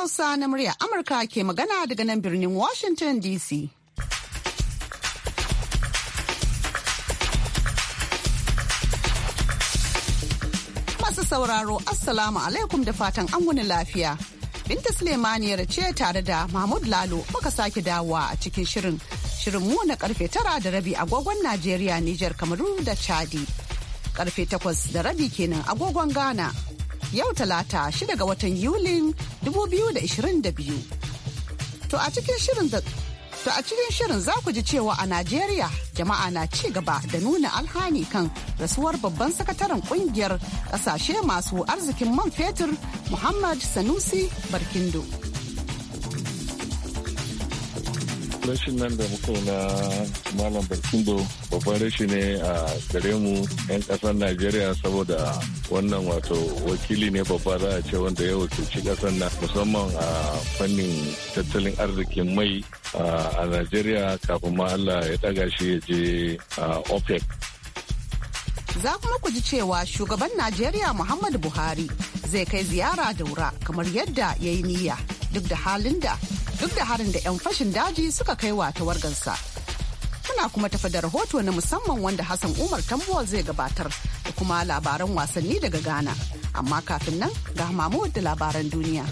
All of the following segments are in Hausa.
Hausa na murya Amurka ke magana daga nan birnin Washington DC. Masu sauraro, Assalamu alaikum da fatan an wuni lafiya. Binta Sulemaniyar ce tare da Mahmud Lalo muka sake dawowa a cikin shirin. Shirin mu na karfe tara da rabi agogon Najeriya, Nijar, Kamaru da Chadi. Karfe takwas da rabi kenan agogon Ghana. yau talata shida ga watan Yulin 2022. To a cikin shirin da To a cikin shirin za ku ji cewa a Najeriya jama'a na ci gaba da nuna alhani kan rasuwar babban sakataren kungiyar kasashe masu arzikin man fetur Muhammad Sanusi Barkindo. rashin nan da muka na malam barkindo babban rashi ne a gare mu 'yan kasar najeriya saboda wannan wato wakili ne babba za a ce wanda ya wakilci kasar na musamman a fannin tattalin arzikin mai a najeriya kafin ma allah ya daga shi ya je opec za kuma ku ji cewa shugaban najeriya muhammadu buhari zai kai ziyara daura kamar yadda ya yi niyya duk da halin da duk da harin da 'yan fashin daji suka kai wa tawargansa. Muna kuma tafi da rahoto na musamman wanda Hassan Umar Tambuwal zai gabatar da kuma labaran wasanni daga Ghana. Amma kafin nan ga Mahmud da labaran duniya.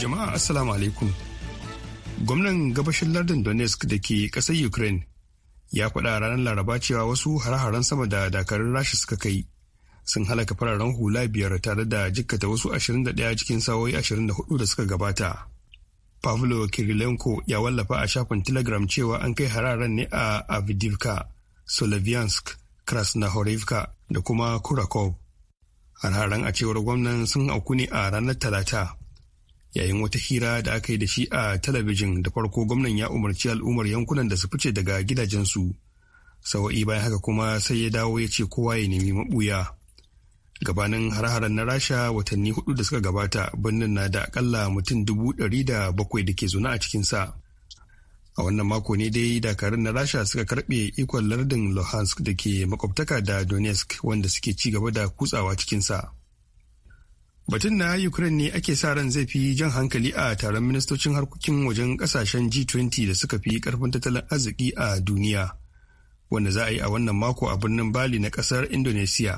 Jama'a Assalamu alaikum. Gwamnan gabashin lardin Donetsk da ke ƙasar Ukraine ya faɗa ranar laraba cewa wasu hare-haren sama da dakarun rasha suka kai sun halaka fararen hula biyar tare da jikkata wasu 21 cikin sawoyi 24 da suka gabata. Pavlo Kirilenko ya wallafa a shafin Telegram cewa an kai hararen ne a Avdivka, Solovyansk, Krasnohorivka da kuma Kurakov. Hararen a cewar gwamnan sun auku ne a ranar Talata. Yayin wata hira da aka yi da shi a talabijin da farko gwamnan ya umarci al'ummar yankunan da su fice daga gidajensu. Sawa'i bayan haka kuma sai ya dawo ya ce kowa ya nemi maɓuya. gabanin har-haren na rasha watanni hudu da suka gabata birnin na da akalla mutum dubu ɗari da bakwai da ke zuna a cikinsa a wannan mako ne dai dakarun na rasha suka karbe ikon lardin luhansk da ke makwabtaka da donetsk wanda suke ci gaba da kutsawa cikinsa batun na ukraine ne ake sa ran zai fi jan hankali a taron ministocin harkokin wajen kasashen g20 da suka fi karfin tattalin arziki a duniya wanda za a yi a wannan mako a birnin bali na kasar indonesiya.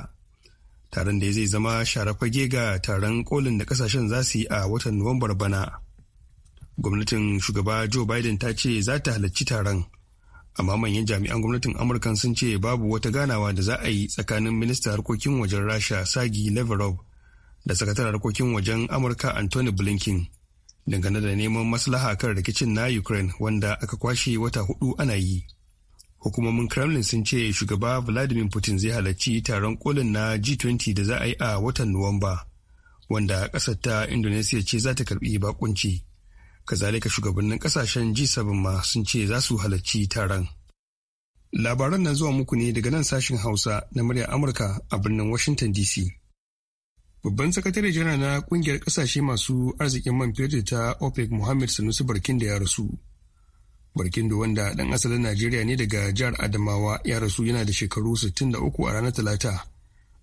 taron da zai zama sharafage ga taron kolin da kasashen za su yi a watan nuwambar bana gwamnatin shugaba joe biden ta ce za ta halarci taron amma manyan jami'an gwamnatin amurka sun ce babu wata ganawa da za a yi tsakanin minista harkokin wajen rasha sagi leverov da sakataren harkokin wajen amurka anthony blinken dangane da neman maslaha kan rikicin na ukraine wanda aka kwashe wata hudu ana yi hukumomin kremlin sun ce shugaba vladimir putin zai halarci taron kolin na g20 da za a yi a watan nuwamba wanda ƙasar ta indonesia ce za ta karbi bakunci kazalika shugabannin kasashen g7 ma sun ce za su halarci taron labaran na zuwa muku ne daga nan sashen hausa na muryar amurka a birnin washington dc babban sakatare jana na kungiyar kasashe masu arzikin man fetur ta opec muhammad sanusi barkin da ya rasu barkindo wanda 'dan asalin najeriya ne daga jihar adamawa ya rasu yana da shekaru 63 a ranar talata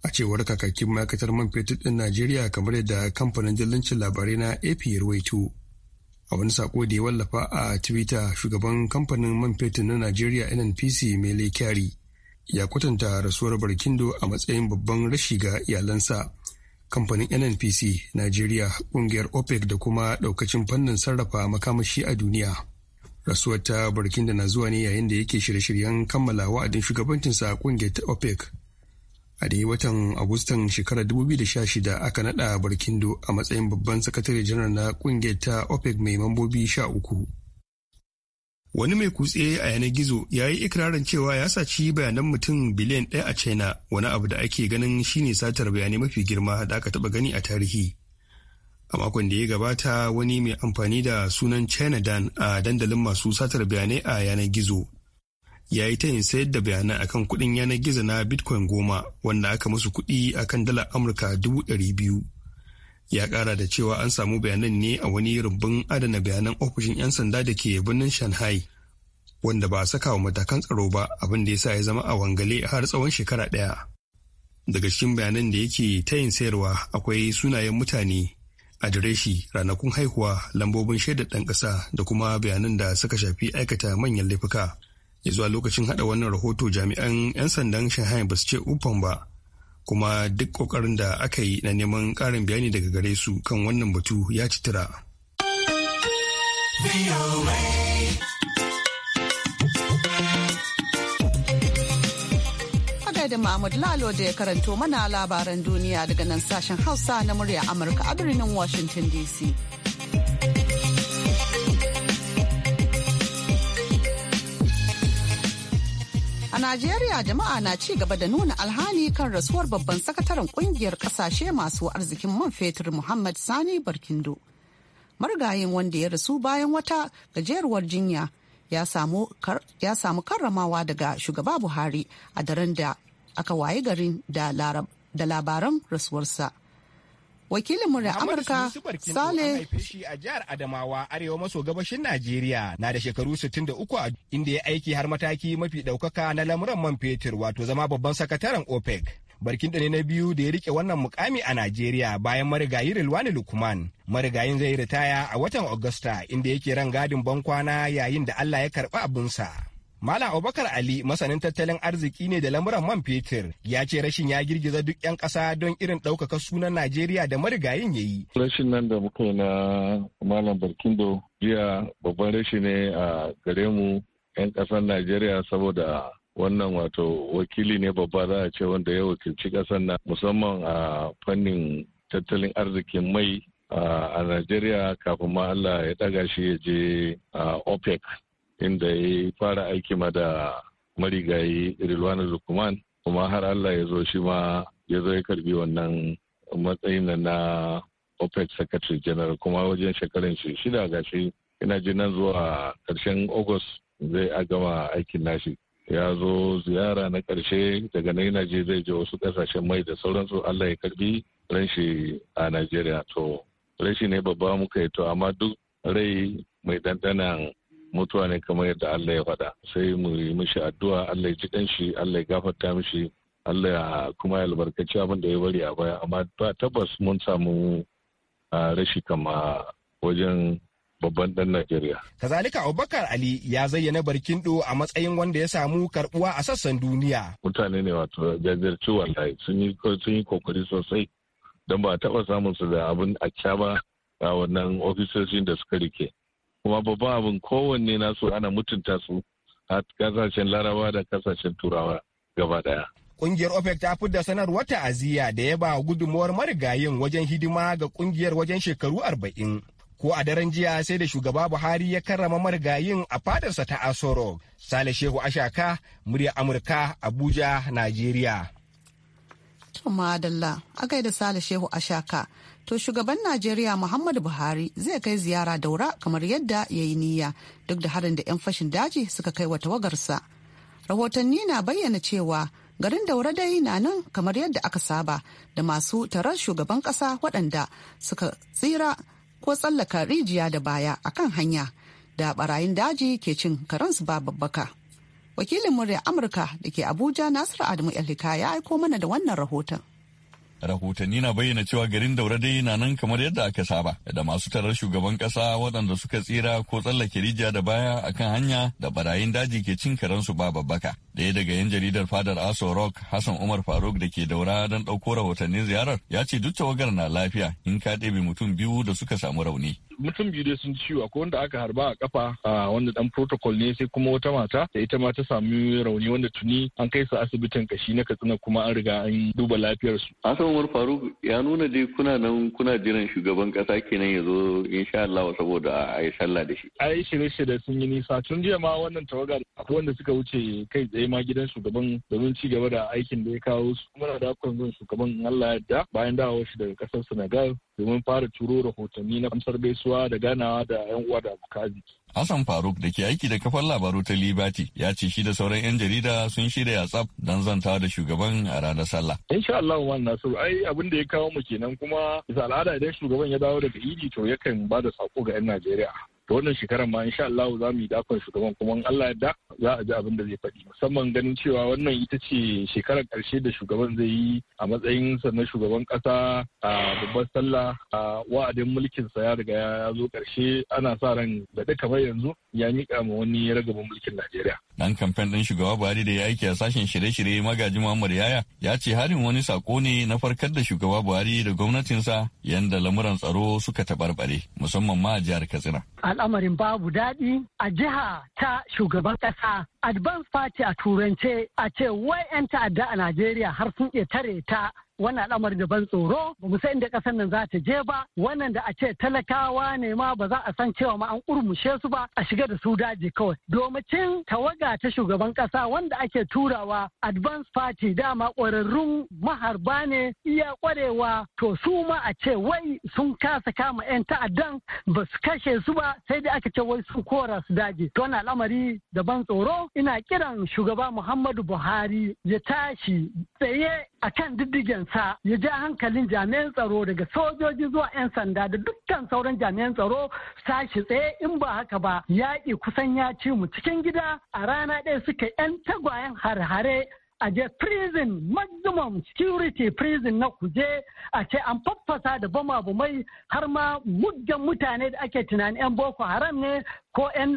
a cewar kakakin ma'aikatar man fetur ɗin najeriya kamar yadda kamfanin dillancin labarai na ap a wani sako da ya wallafa a twitter shugaban kamfanin man fetur na najeriya nnpc mele kyari ya kwatanta rasuwar barkindo a matsayin babban rashi ga iyalansa kamfanin nnpc najeriya ƙungiyar opec da kuma ɗaukacin fannin sarrafa makamashi a duniya rasuwar ta burkina na zuwa ne yayin da yake shirye-shiryen kammala wa'adin shugabancinsa a kungiyar ta opec a dai watan agustan shekarar 2016 aka nada burkindo a matsayin babban sakatare janar na kungiyar ta opec mai mambobi 13 wani mai kutse a yanar gizo ya yi ikirarin cewa ya saci bayanan mutum biliyan ɗaya a china wani abu da ake ganin shine satar bayanai mafi girma da aka taba gani a tarihi a makon da ya gabata wani mai amfani da sunan china dan a dandalin masu satar bayanai a yanar gizo ya yi tayin sayar da bayanai akan kuɗin yanar gizo na bitcoin goma wanda aka musu kuɗi akan dalar amurka dubu ɗari biyu ya ƙara da cewa an samu bayanan ne a wani rumbun adana bayanan ofishin 'yan sanda da ke birnin shanghai wanda ba a saka wa matakan tsaro ba abin da ya sa ya zama a wangale har tsawon shekara ɗaya daga cikin bayanan da yake tayin sayarwa akwai sunayen mutane adireshi ranakun haihuwa lambobin shaidar ɗan ƙasa da kuma bayanan da suka shafi aikata manyan laifuka ya zuwa lokacin haɗa wannan rahoto jami'an 'yan sandan shanghai ba su ce uffan ba kuma duk ƙoƙarin da aka yi na neman ƙarin bayani daga gare su kan wannan batu ya ci tira. ladi Mahmud Lalo da ya karanto mana labaran duniya daga nan sashen Hausa na murya Amurka a birnin Washington DC. A Najeriya jama'a na ci gaba da nuna alhali kan rasuwar babban sakataren kungiyar kasashe masu arzikin man fetur Muhammad Sani Barkindo. Margayin wanda ya rasu bayan wata gajeruwar jinya ya samu karramawa daga shugaba Buhari a daren da aka wayi garin da labaran rasuwarsa. wakilin da amurka sale a jihar adamawa arewa maso gabashin najeriya na da shekaru 63 inda ya aiki har mataki mafi daukaka na lamuran man fetur wato zama babban sakataren opec barkin da ne na biyu da ya rike wannan mukami a najeriya bayan marigayi rilwani lukman marigayin zai ritaya a watan agusta inda yake ran gadin bankwana yayin da allah ya karba abinsa Malam Abubakar Ali masanin tattalin arziki ne da lamuran man fetur ya ce rashin ya girgiza duk 'yan ƙasa don irin ɗaukaka sunan Najeriya da marigayin ya yi. Rashin nan da muka na Malam Barkindo jiya babban rashi ne a gare mu 'yan ƙasar Najeriya saboda wannan wato wakili ne babba za a ce wanda ya wakilci ƙasar na musamman a fannin tattalin arzikin mai a Najeriya kafin ma Allah ya ɗaga shi ya je OPEC. inda ya fara aiki ma da marigayi Rilwanu Lukman kuma har Allah ya zo shi ma ya zo ya karbi wannan matsayin na OPEC Secretary General kuma wajen shekarun shi shida gashi ina ji nan zuwa karshen August zai a gama aikin nashi ya zo ziyara na karshe daga nan ina je zai je wasu kasashen mai da sauransu Allah ya karbi ran shi a Najeriya to rashi ne babba muka yi to amma duk rai mai ɗanɗanan mutuwa ne kamar yadda Allah ya faɗa sai mu yi mishi addu'a Allah ya ji shi Allah ya gafarta mishi Allah ya kuma ya albarkaci abin da ya bari a baya amma ba tabbas mun samu rashi kama wajen babban dan Najeriya. Kazalika Abubakar Ali ya zayyana barkin do a matsayin wanda ya samu karbuwa a sassan duniya. Mutane ne wato jajirci wallahi sun yi sun yi kokari sosai don ba a taba samun su da abin a ba a wannan ofisoshin da suka rike. kuma babban abin kowanne nasu ana mutunta su a kasashen larabawa da kasashen turawa gaba daya Kungiyar OPEC ta da sanarwar ta'aziyya da ya ba gudunmuwar marigayin wajen hidima ga kungiyar wajen shekaru arba'in. Ko a daren jiya sai da shugaba Buhari ya karrama marigayin a fadarsa ta Asoro. Sale Shehu Ashaka, murya Amurka, Abuja, Najeriya. a gaida Sale Shehu Ashaka. to shugaban najeriya muhammadu buhari zai kai ziyara daura kamar yadda ya yi niyya duk da harin da 'yan fashin daji suka kai wa tawagarsa rahotanni na bayyana cewa garin daura dai na nan kamar yadda aka saba da masu tarar shugaban ƙasa waɗanda suka tsira ko tsallaka rijiya da baya a kan hanya da barayin daji ke cin karansu ba babbaka wakilin murya amurka da ke abuja nasiru adamu ya aiko mana da wannan rahoton rahotanni na bayyana cewa garin daura dai na nan kamar yadda aka saba da masu tarar shugaban kasa waɗanda suka tsira ko tsallake rijiya da baya akan hanya da barayin daji ke cin karensu ba babbaka ɗaya daga yan jaridar fadar aso rock hassan umar faruk da ke daura don ɗauko rahotannin ziyarar ya ce duk tawagar na lafiya in ka ɗebe mutum biyu da suka samu rauni mutum biyu dai sun ciwo akwai wanda aka harba a kafa a wanda dan protocol ne sai kuma wata mata da ita ma ta sami rauni wanda tuni an kai su asibitin kashi na katsina kuma an riga an duba lafiyarsu. umar faruk ya nuna dai kuna nan kuna jiran shugaban kasa kenan ya zo insha Allah saboda a yi sallah da shi yi shirye-shirye sun yi nisa tun jiya ma wannan tawaga akwai wanda suka wuce kai tsaye ma gidan shugaban domin ci gaba da aikin da ya kawo su muna da hakan zan shugaban Allah ya da bayan dawo shi daga kasar Senegal domin fara turo rahotanni na amsar gaisuwa da ganawa da 'yan uwa da abokan arziki Hassan Faruk da ke aiki da kafar labaru ta Liberty ya ce shi da sauran 'yan jarida sun shirya tsaf don zanta da shugaban a ranar sallah. Insha Allah wannan Nasiru ai abin da ya kawo mu kenan kuma bisa al'ada idan shugaban ya dawo daga idi to yakan ba da sako ga 'yan Najeriya. to wannan shekarar ma insha Allah za mu yi dakon shugaban kuma Allah yadda za a ji abin da zai faɗi musamman ganin cewa wannan ita ce shekarar ƙarshe da shugaban zai yi a matsayin sa na shugaban ƙasa a babbar sallah a wa'adin mulkin sa ya riga ya zo ƙarshe ana sa ran da kamar yanzu ya mika ma wani ragabon mulkin Najeriya Dan kamfen ɗin shugaba Buhari da ya aiki a sashen shirye-shirye magaji Muhammad Yaya ya ce harin wani sako ne na farkar da shugaba Buhari da gwamnatinsa yanda lamuran tsaro suka taɓarɓare musamman ma a jihar Katsina. Al'amarin babu daɗi a jiha ta shugaban ƙasa advance party a turance a ce wai 'yan ta'adda a Najeriya har sun iya tare ta wannan al'amari da ban tsoro ba mu san inda ƙasar nan za ta je ba wannan da a ce talakawa ne ma ba za a san cewa ma an kurmushe su ba a shiga da su daji kawai domacin tawaga ta shugaban kasa wanda ake turawa advance party dama ƙwararrun maharba ne iya ƙwarewa to su ma a ce wai sun kasa kama 'yan ta'addan ba su kashe su ba sai dai aka ce wai sun kora su daji to wannan al'amari da ban tsoro ina kiran shugaba muhammadu buhari ya tashi tsaye akan diddigen sa ya ja hankalin jami'an tsaro daga sojoji zuwa 'yan sanda da dukkan sauran jami'an tsaro sashi tsaye in ba haka ba yaƙi kusan ya ci mu cikin gida a rana ɗaya suka 'yan tagwayen har-hare a je prison maximum security prison na kuje a ce an faffasa da bama mai har ma muggan mutane da ake tunanin 'yan boko haram ne ko 'yan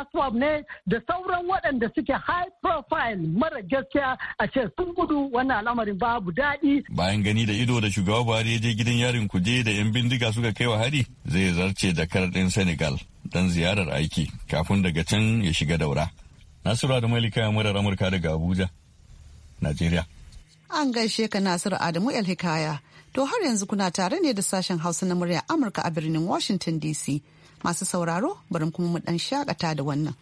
aswab ne da sauran waɗanda suke high profile mara gaskiya a ce sun gudu wannan al'amarin babu daɗi. Bayan gani da ido da shugaba Buhari ya je gidan yarin kuje da 'yan bindiga suka kai wa hari zai zarce da ɗin Senegal don ziyarar aiki kafin daga can ya shiga daura. Nasura da Malika murar Amurka daga Abuja, Najeriya. An gaishe ka Nasiru Adamu El Hikaya. To har yanzu kuna tare ne da sashen Hausa na murya Amurka a birnin Washington DC. Masu sauraro bari kuma mu dan shakata da wannan.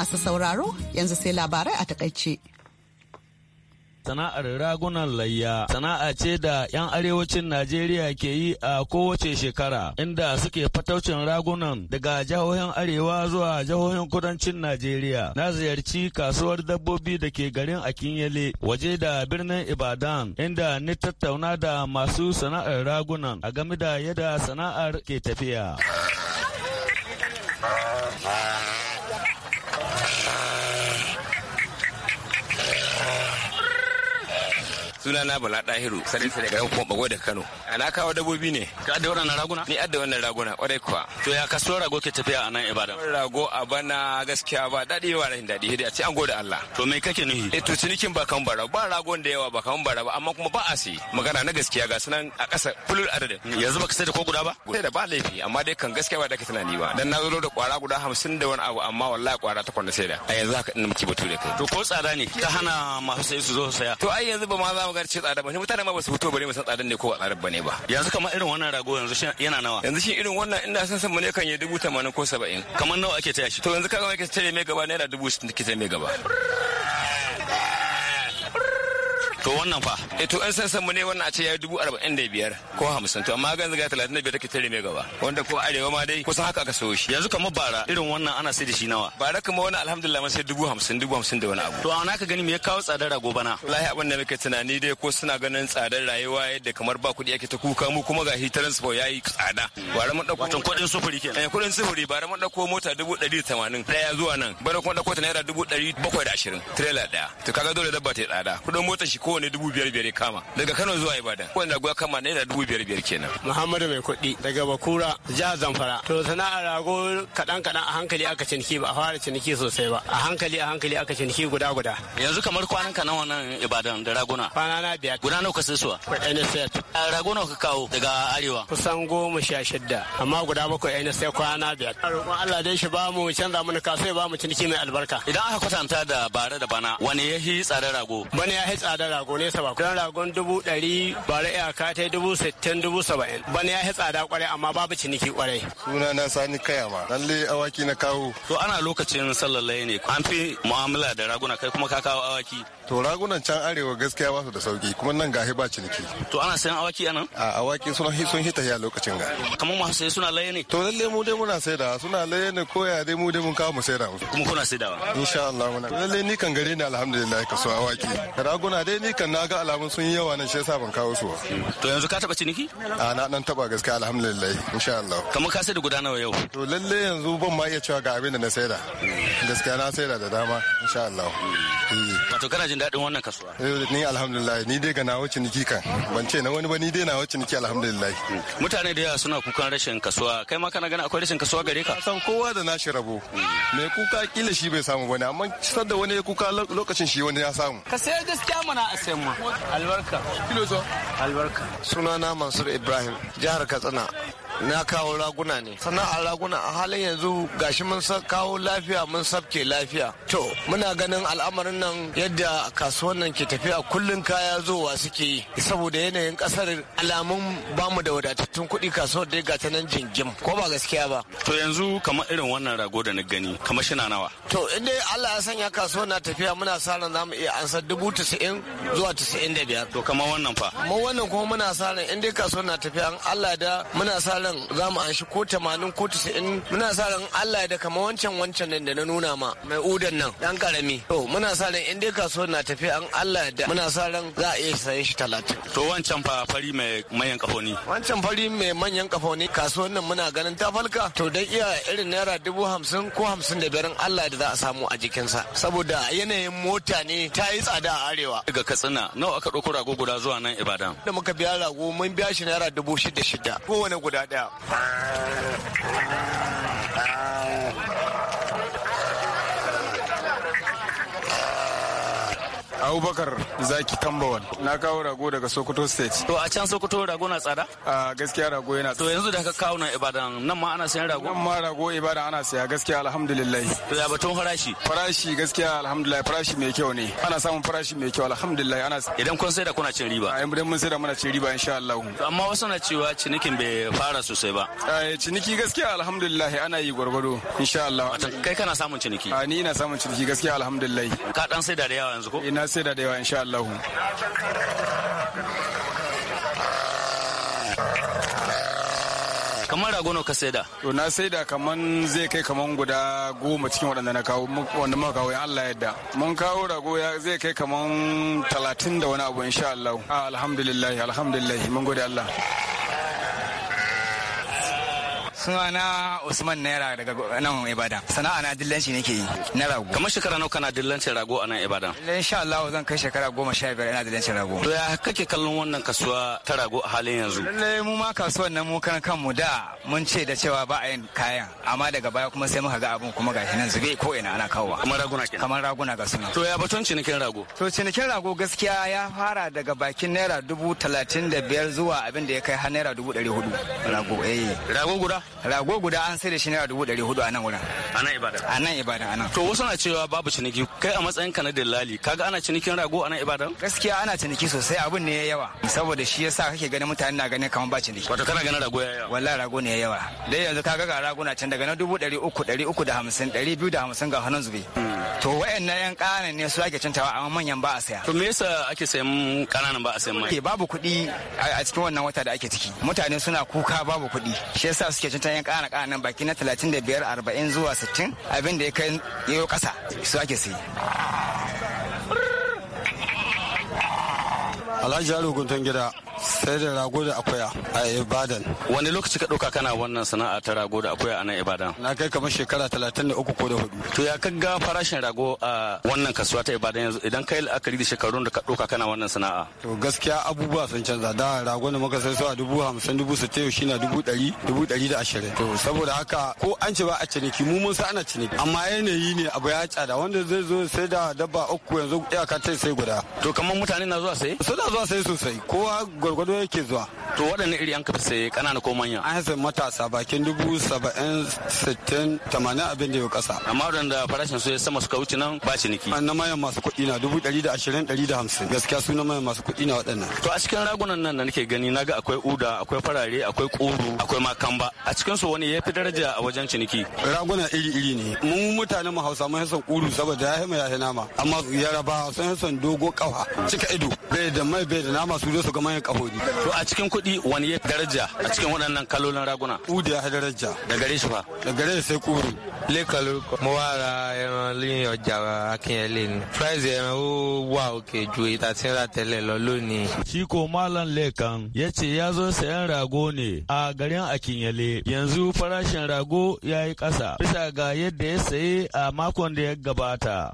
masu sauraro yanzu sai labarai a takaice. Sana'ar ragunan layya sana'a ce da 'yan arewacin Najeriya ke yi a kowace shekara inda suke fataucin ragunan daga jihohin arewa zuwa jihohin kudancin Najeriya. Na ziyarci kasuwar dabbobi da ke garin Akinyele waje da birnin Ibadan inda ni tattauna da masu sana'ar ragunan a game da yadda sana'ar ke tafiya. suna na Bala Dahiru sare sare garin kuma bago da Kano. Ana kawo dabobi ne. Ka da wannan raguna? Ni adda wannan raguna kwarai kuwa. To ya kasuwar rago ke tafiya a nan Ibadan? Rago a bana gaskiya ba daɗi yawa rahin daɗi hidi a ce an gode Allah. To me kake nuhi? Eh to cinikin ba kan bara ba ragon da yawa ba kan bara ba amma kuma ba a si magana na gaskiya ga sunan a ƙasa fulul adadin. Yanzu baka sai da ko guda ba? Sai da ba laifi amma dai kan gaskiya ba da ka ni ba. Dan na zo da kwara guda hamsin da wani abu amma wallahi kwara takwas na sai da. A yanzu haka ina muke bature kai. To ko tsada ne ta hana masu sai su zo saya. To ai yanzu ba ma za magana ce tsada ba ne mutane ma ba su fito bare ba san tsadan ne ko ba tsada ba ne ba yanzu kamar irin wannan rago yanzu yana nawa yanzu shi irin wannan ina san san mu ne kan ya dubu tamanin ko saba'in kamar nawa ake taya shi to yanzu kaga ake tare mai gaba naira dubu sittin kike mai gaba to wannan fa eh to an san san mu ne wannan a ce yayi dubu arba'in da biyar ko hamsin to amma ga yanzu ga talatin da biyar take tare mai gaba wanda ko arewa ma dai kusan haka aka sayo shi yanzu kamar bara irin wannan ana sai da shi nawa bara kuma wani alhamdulillah mun sai dubu hamsin dubu hamsin da wani abu to a ka gani me ya kawo tsadar rago na wallahi abin da muke tunani dai ko suna ganin tsadar rayuwa yadda kamar ba kuɗi ake ta kuka mu kuma ga hitarin sufo yayi tsada bara mun dauko tun kuɗin sufuri kenan eh kuɗin sufuri bara mun dauko mota dubu ɗari tamanin ɗaya zuwa nan bara kuma dauko ta naira dubu ɗari bakwai da ashirin trailer ɗaya to kaga dole dabba ta yi tsada kuɗin motar shi ko kowane dubu biyar biyar ya kama daga Kano zuwa Ibadan kowane rago ya kama yana dubu biyar biyar kenan. Muhammadu mai kuɗi daga Bakura jihar Zamfara to sana'ar rago kaɗan kaɗan a hankali aka ciniki ba a fara ciniki sosai ba a hankali a hankali aka ciniki guda guda. Yanzu kamar kwanan ka nawa nan Ibadan da raguna. Kwana na biyar. Guda nawa ka sisuwa. A set. nawa ka kawo daga Arewa. Kusan goma sha shida amma guda bakwai ainihin sai kwana biyar. Roƙon Allah dai shi ba mu canza mana kasu ba mu ciniki mai albarka. Idan aka kwatanta da bare da bana wani ya hi tsada rago. Bana ya hi tsada rago. rago ne saba don ragon dubu ɗari bara iyaka ta dubu sittin dubu saba'in bana ya yi tsada kwarai amma babu ciniki kwarai. suna na sani kaya ma lalle awaki na kawo. to ana lokacin sallalai ne an fi mu'amala da raguna kai kuma ka kawo awaki. To ragunan can arewa gaskiya ba su da sauki kuma nan gahi ba ciniki. To ana sayan awaki anan? A awaki sun sun hita ya lokacin ga. Kamar masu sai suna laye ne? To lalle mu dai muna da suna laye ne ko ya dai mu dai mun kawo mu saida Mu Kuma kuna wa Insha Allah muna. To lalle ni kan gare ni alhamdulillah ka so awaki. Raguna dai ni kan naga alamun sun yi yawa nan shi yasa ban kawo su ba. To yanzu ka taba ciniki? A na dan taba gaskiya alhamdulillah insha Allah. Kamar ka saida da nawa yau? To lalle yanzu ban ma iya cewa ga abin da na da Gaskiya na saida da dama insha Allah. Wato kana jin daɗin wannan kasuwa? Eh, ni alhamdulillah ni dai ga nawa ciniki kan ban ce na wani ba ni dai nawa ciniki alhamdulillah. Mutane da yawa suna kukan rashin kasuwa kai ma kana gana akwai rashin kasuwa gare ka? San kowa da nashi rabo. Mai kuka kila shi bai samu bane amma sar da wani ya kuka lokacin shi wani ya samu. Ka sai gaskiya mana a sayan ma. Albarka. Kilo so. Albarka. Sunana Mansur Ibrahim jihar Katsina. na kawo raguna ne sannan a raguna a halin yanzu gashi mun kawo lafiya mun sabke lafiya to muna ganin al'amarin nan yadda kasuwan nan ke tafiya kullun kaya zowa suke yi saboda yanayin kasar alamun bamu da wadatattun kuɗi kasuwar dai ga ta nan jingim ko ba gaskiya ba to yanzu kamar irin wannan rago da na gani kamar shi na nawa to in dai Allah ya sanya kasuwar na tafiya muna sa ran zamu iya ansa dubu tasa'in zuwa tasa'in da biyar to kamar wannan fa mu wannan kuma muna sa ran in dai kasuwar na tafiya Allah da muna sa ran nan za mu anshi ko tamanin ko 90 muna sa ran Allah da kamar wancan wancan nan da na nuna ma mai udan nan dan karami to muna sa ran in dai kasuwar na tafi an Allah da muna sa ran za a iya sayan shi talatin to wancan fa fari mai manyan kafoni wancan fari mai manyan kafoni kasuwar nan muna ganin ta falka to dan iya irin naira dubu hamsin ko hamsin da biyar Allah da za a samu a jikinsa saboda yanayin mota ne ta yi tsada a arewa daga katsina nawa aka ɗauko rago guda zuwa nan ibadan da muka biya rago mun biya shi naira dubu shida shida kowane guda ɗaya 啊啊啊 Abubakar Zaki Tambawan. Na kawo rago daga Sokoto State. To a can Sokoto rago na tsada? A gaskiya rago yana tsada. To yanzu da ka kawo nan Ibadan nan ma ana sayan rago? Nan ma rago Ibadan ana saya gaskiya alhamdulillah. To ya batun farashi? Farashi gaskiya alhamdulillah farashi mai kyau ne. Ana samun farashi mai kyau alhamdulillah ana Idan kun sai da kuna cin riba. A idan mun sai da muna cin riba insha Allah. Amma wasu na cewa cinikin bai fara sosai ba. Eh ciniki gaskiya alhamdulillah ana yi gwargwado insha Allah. Kai kana samun ciniki? A ni ina samun ciniki gaskiya alhamdulillah. Ka dan sai da yawa yanzu ko? Ina eh, sai da yawa insha Allah kamar ragono ka saida to na saida kaman zai kai kaman guda goma cikin waɗanda na kawo wanda muka kawo in Allah yadda mun kawo rago ya zai kai kaman talatin da wani abu insha Allah ah, alhamdulillah alhamdulillah mun gode Allah suna na usman naira daga nan ibadan sana'a na dillanci nake yi na rago kamar shekara nawa kana dillancin rago a nan ibadan insha Allah zan kai shekara goma sha biyar ina dillancin rago to ya kake kallon wannan kasuwa ta rago a halin yanzu lalle mu ma kasuwan nan mu kan kanmu da mun ce da cewa ba a yin kayan amma daga baya kuma sai muka ga abun kuma gashi nan zube ko ina ana kawowa kamar raguna kenan kamar raguna ga suna to ya batun cinikin rago to cinikin rago gaskiya ya fara daga bakin naira dubu talatin da biyar zuwa abin da ya kai har naira dubu ɗari hudu rago eh rago guda rago guda an sai da shi naira dubu ɗari hudu a nan wurin a nan ibadan a nan ibadan a nan to wasu na cewa babu ciniki kai a matsayin ka na dillali kaga ana cinikin rago a nan ibadan gaskiya ana ciniki sosai abin ne ya yawa saboda shi yasa kake ganin mutane na ganin kamar ba ciniki wato kana ganin rago ya yawa wallahi rago ne ya yawa dai yanzu kaga ga rago na can daga na dubu ɗari uku ɗari uku da hamsin ɗari biyu da hamsin ga hannun zube hmm. to wayannan yan ƙananan ne su ake cantawa amma manyan ba a saya to me yasa ake sayan ƙananan ba a sayan mai babu kuɗi a cikin wannan wata da ake ciki mutane suna kuka babu kuɗi shi yasa suke canta can ya ƙara ƙara nan baki na 35 40 zuwa 60 abin da ya kai yau ƙasa su ake sayi. Alhaji Alu Guntun Gida sai da rago da akuya a ibadan wani lokaci ka ɗauka kana wannan sana'a ta rago da akuya a nan ibadan na kai kamar shekara talatin da uku ko da hudu to ya ga farashin rago a wannan kasuwa ta ibadan yanzu idan kai la'akari da shekarun da ka ɗauka kana wannan sana'a to gaskiya abubuwa sun canza da rago da muka sai su a dubu hamsin dubu sittin shi na dubu ɗari dubu ɗari da ashirin to saboda haka ko an ce ba a ciniki mu mun sa ana ciniki amma yanayi ne abu ya tsada wanda zai zo sai da dabba uku yanzu iyaka ta sai guda to kamar mutane na zuwa sai suna zuwa sai sosai kowa gwargwado ado yake zuwa To waɗanne iri an kafa sai ƙanana ko manya? An haifin matasa bakin dubu saba'in sittin tamanin abin da ya ƙasa. Amma waɗanda farashin su ya sama suka wuce nan ba ciniki. An na mayan masu kuɗi na dubu ɗari da ashirin ɗari da hamsin. Gaskiya su na mayan masu kuɗi na waɗannan. To a cikin ragunan nan da nake gani na ga akwai uda akwai farare akwai ƙuru akwai makamba. A cikin su wani ya fi daraja a wajen ciniki. Raguna iri-iri ne. Mun mutanen mu Hausa mun son ƙuru saboda ya hima ya ma Amma Yarabawa sun son dogo ƙafa. Cika ido. Bai da mai bai da nama su zo su ga manyan ƙahoni. To a cikin kuɗi wani ya daraja a cikin waɗannan kalolin raguna Udi ya daraja da gare shi fa da gare sai kuru le kalu mo wa ra a lẹ́yìn ọjà le ni price ẹran wa o ke ju ita ti ra tele lo lo ni. shi ko malam lekan ya ce ya zo sayan rago ne a garin akinyele yanzu farashin rago ya yi ƙasa bisa ga yadda ya saye a makon da ya gabata.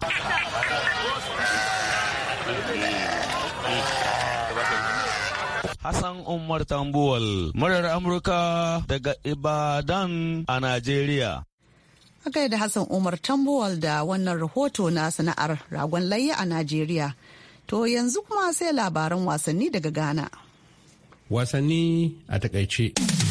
Hassan Umar Tambuwal, murar Amurka daga Ibadan a Najeriya. Aka da Hassan Umar Tambuwal da wannan rahoto na sana'ar ragon layya a Najeriya. To yanzu kuma sai labaran wasanni daga Ghana. Wasanni a takaice.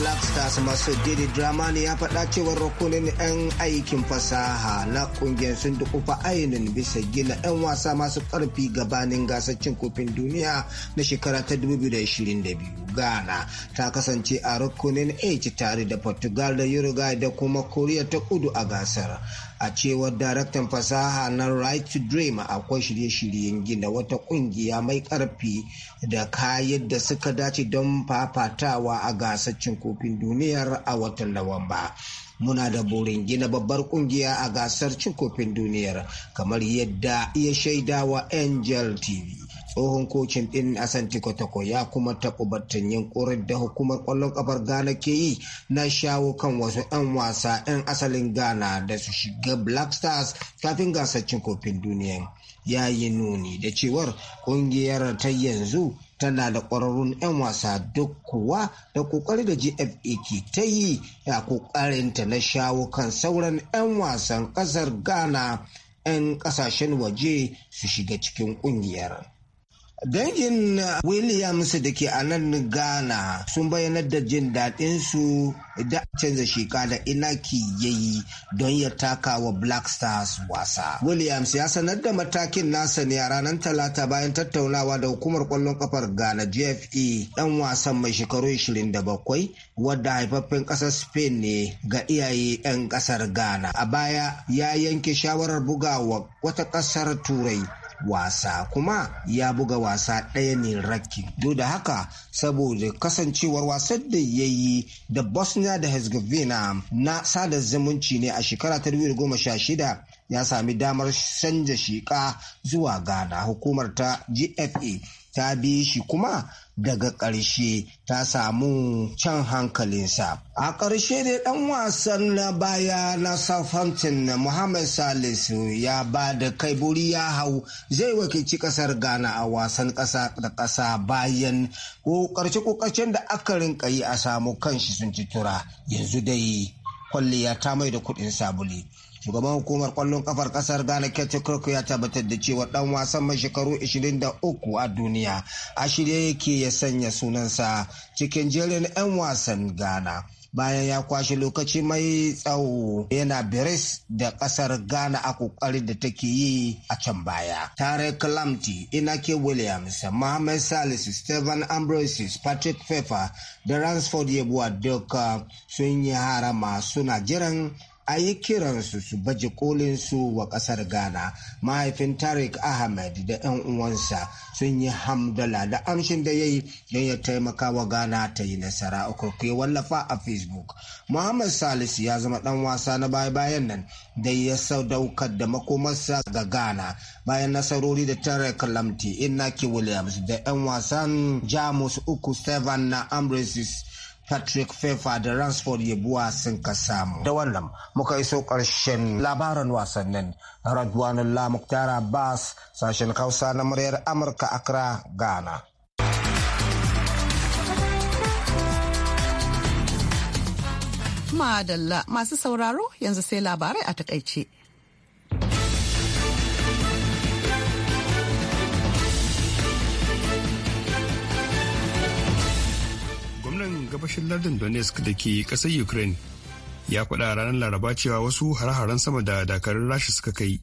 black stars masu didi dramani ya faɗa cewar rukunin 'yan aikin fasaha na ƙungiyar sun dukufa ainihin bisa gina 'yan wasa masu ƙarfi gabanin gasar cin kofin duniya na shekara ta 2022 ghana ta kasance a rukunin h tare da portugal da uruguay da kuma koriya ta kudu a gasar a cewar daraktan fasaha na right to dream akwai shirye-shiryen gina wata kungiya mai ƙarfi da kayan da suka dace don fafatawa a gasar cin kofin duniyar a watan nawamba muna da burin gina babbar kungiya a gasar cin kofin duniyar kamar yadda iya shaidawa angel tv tsohon kocin din asanti kotoko ya kuma taɓa batun yunkurin da hukumar kwallon kafar ghana ke yi na shawo kan wasu 'yan wasa 'yan asalin ghana da su shiga black stars kafin gasar cin kofin duniya ya yi nuni da cewar kungiyar ta yanzu tana da ƙwararrun 'yan wasa duk kuwa da ƙoƙari da gfa ke ta yi a ƙoƙarinta na shawo kan sauran 'yan wasan ƙasar ghana 'yan ƙasashen waje su shiga cikin ƙungiyar. Dangin uh, Williams da ke a nan Ghana sun bayyanar da jin daɗinsu da canza sheka da Inaki ya yi don ya taka wa Black Stars wasa. Williams ya sanar da matakin nasa ne a ranar Talata bayan tattaunawa da hukumar kwallon kafar Ghana GFE 'yan wasan mai shekaru 27 wadda haifaffen ƙasar Spain ne ga iyaye 'yan ƙasar Ghana. A baya ya yanke shawarar bugawa wata ƙasar Turai wasa kuma ya buga wasa ɗaya ne rakki duk da haka saboda kasancewar wasan da ya yi da bosnia da herzegovina na sada zumunci ne a shekara ta 2016 ya sami damar canja shiƙa zuwa ghana hukumar ta gfa ta bi shi kuma daga ƙarshe ta samu can hankalinsa. A ƙarshe dai ɗan wasan na baya na Southampton na Mohamed Salisu ya ba da kai buri ya hau zai wakilci ƙasar Ghana a wasan ƙasa da ƙasa bayan ko ƙarshe ƙarshen da aka rinka yi a samu kanshi sun ci tura yanzu dai kwalliya ta mai da kuɗin sabuli. shugaban hukumar kwallon kafar kasar ghana kete kirko ya tabbatar da cewa dan wasan mai shekaru 23 a duniya a shirye yake ya sanya sunansa cikin jerin 'yan wasan ghana bayan ya kwashe lokaci mai tsawo yana beres da kasar ghana a kokarin da take yi a can baya tare kalamti inake williams mohammed salisu stephen ambrosius patrick pfeffer da ransford yabuwa duka sun yi harama suna jiran a yi kiransu su baje kolin su wa kasar ghana mahaifin tarik ahmed da 'yan uwansa sun yi hamdala da amshin da ya yi don ya taimaka wa ghana ta yi nasara uku ke wallafa a facebook muhammad salisu ya zama ɗan wasa na baya-bayan nan da ya sadaukar da makomarsa ga ghana bayan nasarori da tarik lamti inaki williams da 'yan wasan jamus uku seven na ambrisis Patrick Fefa da Ransford Yabuwa sun ka samu. Da wannan muka iso ƙarshen labaran wasannin Radwanullah Muktar Abbas sashen Hausa na muryar Amurka Accra, Ghana. Madalla masu sauraro yanzu sai labarai a takaice. gabashin lardin donetsk da ke ƙasar ukraine ya faɗa ranar laraba cewa wasu har-haren sama da dakarun rasha suka kai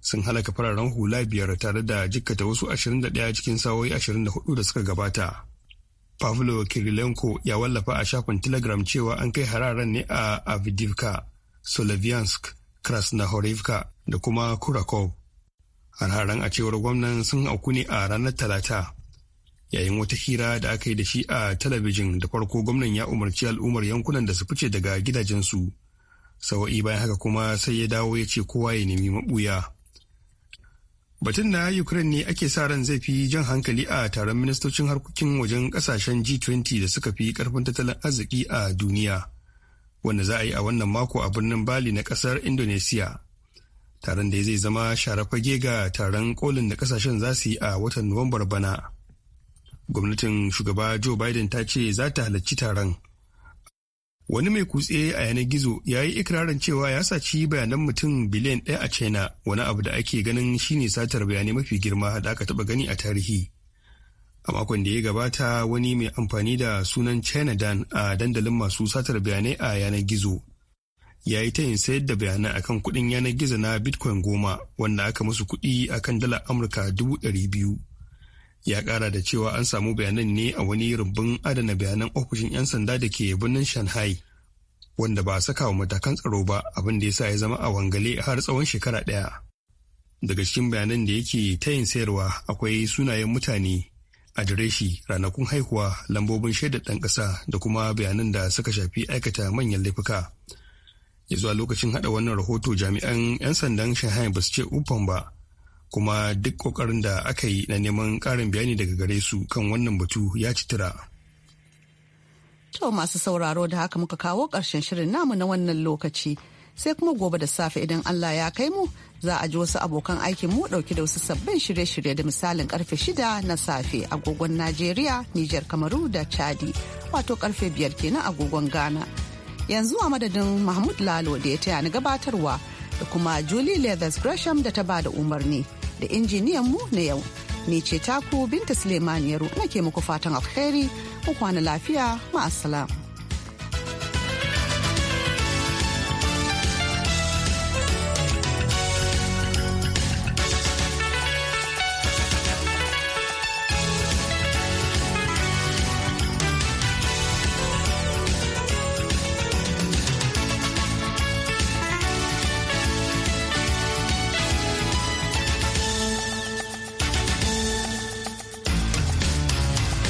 sun halaka fararen hula biyar tare da jikkata wasu 21 cikin sawoyi 24 da suka gabata. Pavlo Kirilenko ya wallafa a shafin Telegram cewa an kai hararen ne a Avdivka, Soloviansk, krasnahorivka da kuma Kurakov. har-haren a cewar gwamnan sun auku ne a ranar Talata. yayin wata hira da aka yi da shi a talabijin da farko gwamnan ya umarci al'ummar yankunan da su fice daga gidajensu sawa'i bayan haka kuma sai ya dawo ya ce kowa ya nemi mabuya batun na ukraine ne ake sa ran zai fi jan hankali a taron ministocin harkokin wajen kasashen g20 da suka fi karfin tattalin arziki a duniya wanda za a yi a wannan mako a birnin bali na kasar indonesiya taron da zai zama share fage ga taron kolin da kasashen za su yi a watan nuwambar bana gwamnatin shugaba joe biden ta ce za ta halarci taron wani mai kutse a yanar gizo ya yi ikirarin cewa ya saci bayanan mutum biliyan ɗaya a china wani abu da ake ganin shine satar bayanai mafi girma da aka taɓa gani a tarihi a makon da ya gabata wani mai amfani da sunan china dan a dandalin masu satar bayanai a yanar gizo ya yi tayin sayar da bayanai akan kuɗin yanar gizo na bitcoin goma wanda aka musu kuɗi akan dalar amurka dubu ɗari biyu ya kara da cewa an samu bayanan ne a wani rumbun adana bayanan ofishin 'yan sanda da ke birnin shanghai wanda ba a saka wa matakan tsaro ba abin da ya sa ya zama a wangale har tsawon shekara ɗaya daga cikin bayanan da yake tayin sayarwa akwai sunayen mutane adireshi ranakun haihuwa lambobin shaidar ɗan ƙasa da kuma bayanan da suka shafi aikata manyan laifuka ya zuwa lokacin haɗa wannan rahoto jami'an 'yan sandan shanghai ba su ce ba kuma duk kokarin da aka yi na neman karin bayani daga gare su kan wannan batu ya ci tura. To masu sauraro da haka muka kawo ƙarshen shirin namu na wannan lokaci sai kuma gobe da safe idan Allah ya kai mu za a ji wasu abokan aikin mu dauki da wasu sabbin shirye-shirye da misalin karfe shida na safe agogon Najeriya, Nijar, Kamaru da Chadi wato karfe biyar kenan agogon Ghana. Yanzu a madadin Mahmud Lalo da ya taya ni gabatarwa da kuma Julie Leathers Gresham da ta bada umarni. da injiniyan mu na yau. Ni ce taku Binta Suleiman Yaro nake muku fatan alheri, ku kwana lafiya ma'asalam.